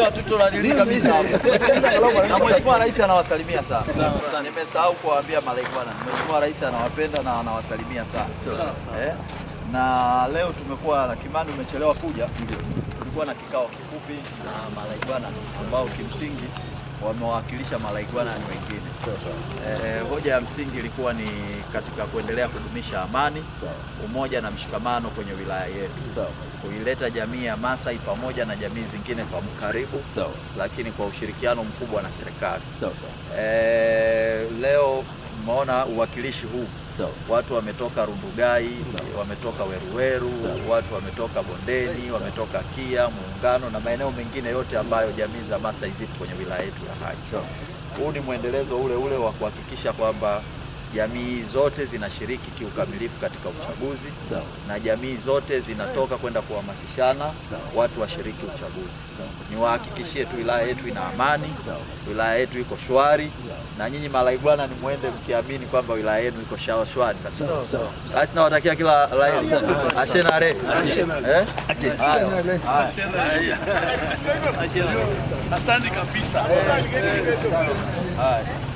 Watoto nalili kabisa na Mheshimiwa Rais anawasalimia sana. Nimesahau kuwaambia malaika bwana, Mheshimiwa Rais anawapenda na anawasalimia sana. Eh? Na leo tumekuwa na Kimani, umechelewa kuja Tulikuwa na kikao kifupi na malaigwana ambao kimsingi wamewakilisha malaigwana ni wengine. E, hoja ya msingi ilikuwa ni katika kuendelea kudumisha amani, umoja na mshikamano kwenye wilaya yetu, kuileta jamii ya Masai pamoja na jamii zingine kwa mkaribu lakini kwa ushirikiano mkubwa na serikali. E, mmeona uwakilishi huu so, watu wametoka Rundugai so, wametoka Weruweru so, watu wametoka Bondeni so, wametoka Kia, Muungano na maeneo mengine yote ambayo jamii za Masai zipo kwenye wilaya yetu ya Hai. Huu so, so, ni mwendelezo ule ule wa kuhakikisha kwamba jamii zote zinashiriki kiukamilifu katika uchaguzi Sao. na jamii zote zinatoka kwenda kuhamasishana watu washiriki uchaguzi. Niwahakikishie tu wilaya yetu ina amani, wilaya yetu iko shwari na nyinyi malaibwana, ni mwende mkiamini kwamba wilaya yenu iko shwari kabisa. Basi nawatakia kila la heri, ashenare eh? asante kabisa. Eh, eh,